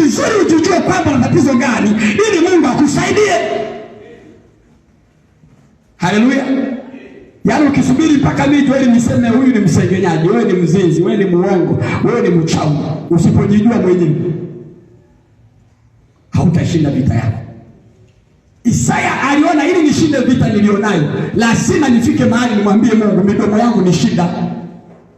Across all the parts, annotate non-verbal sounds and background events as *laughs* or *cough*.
vizuri utujue kwamba na tatizo gani, ili Mungu akusaidie. Haleluya! Yaani ukisubiri mpaka mimi niseme huyu ni msengenyaji, wewe ni mzinzi, wewe ni muongo, wewe ni mchau usipojijua mwenyewe hautashinda vita yako. Isaya aliona ili nishinde vita nilionayo, lazima nifike mahali nimwambie Mungu, midomo yangu ni shida,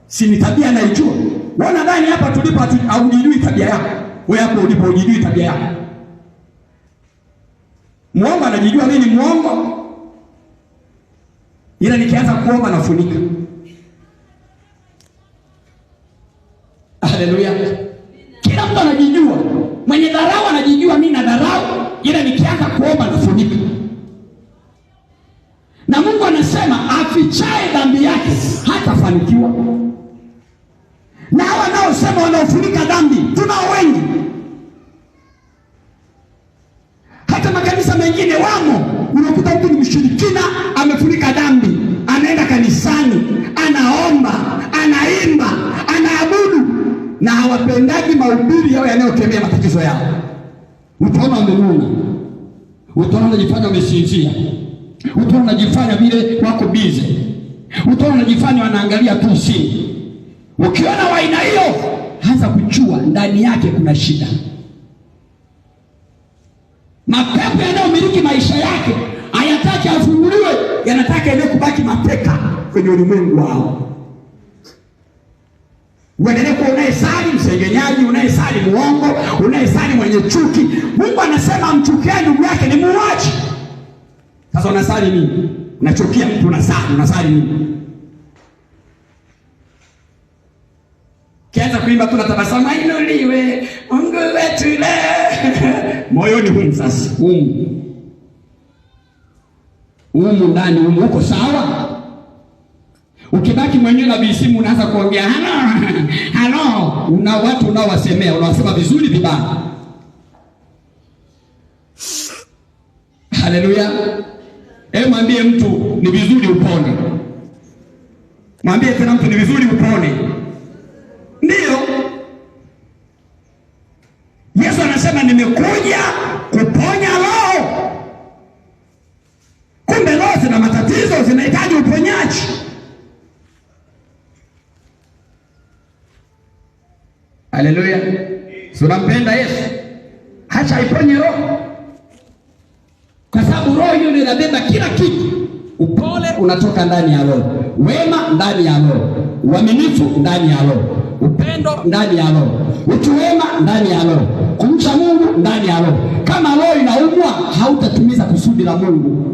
sinitabia tabia naijua Unaona ndani hapa tulipo haujijui tabia yako. Wewe hapo ulipo hujijui tabia yako. Muongo anajijua mimi ni muongo. Ila nikianza kuomba nafunika. Haleluya. Kila mtu anajijua. Mwenye dharau anajijua mimi na dharau, ila nikianza kuomba nafunika. Na Mungu anasema afichaye dhambi yake hatafanikiwa usema wanaofunika dhambi tunao wengi, hata makanisa mengine wamo. Unakuta mtu ni mshirikina, amefunika dhambi, anaenda kanisani, anaomba, anaimba, anaabudu, na hawapendaji mahubiri yao yanayokemea matatizo yao. Utaona wamenuna, utaona unajifanya wamesinzia, utaona unajifanya vile wako bize, utaona unajifanya wanaangalia tu simu Ukiona wa aina hiyo, hasa kujua ndani yake kuna shida. Mapepo yanayomiliki maisha yake hayataki afunguliwe, yanataka endelee kubaki mateka kwenye ulimwengu wao. Uendelee kuwa unayesali msengenyaji, unayesali muongo, unayesali mwenye chuki. Mungu anasema mchukia ndugu yake ni muuaji. Sasa unasali nini? Unachukia mtu unasali, unasali nini? kianza kuimba tu natabasama, ainuliwe Mungu wetu leo *laughs* moyoni humu. Sasa humu humu ndani humu uko sawa? Ukibaki mwenyewe na bisimu, unaanza kuongea halo *laughs* halo, una watu unaowasemea, unawasema vizuri vibaya. Haleluya! Hebu mwambie mtu ni vizuri upone, mwambie tena mtu ni vizuri upone. anasema nimekuja kuponya roho. Kumbe roho zina matatizo, zinahitaji uponyaji. Haleluya! unampenda Yesu, hacha aiponye roho, kwa sababu roho hiyo ndio inabeba kila kitu. Upole unatoka ndani ya roho, wema ndani ya roho, uaminifu ndani ya roho, upendo ndani ya roho, utu wema ndani ya roho kumcha Mungu ndani ya roho. Kama roho inaumwa, hautatimiza kusudi la Mungu.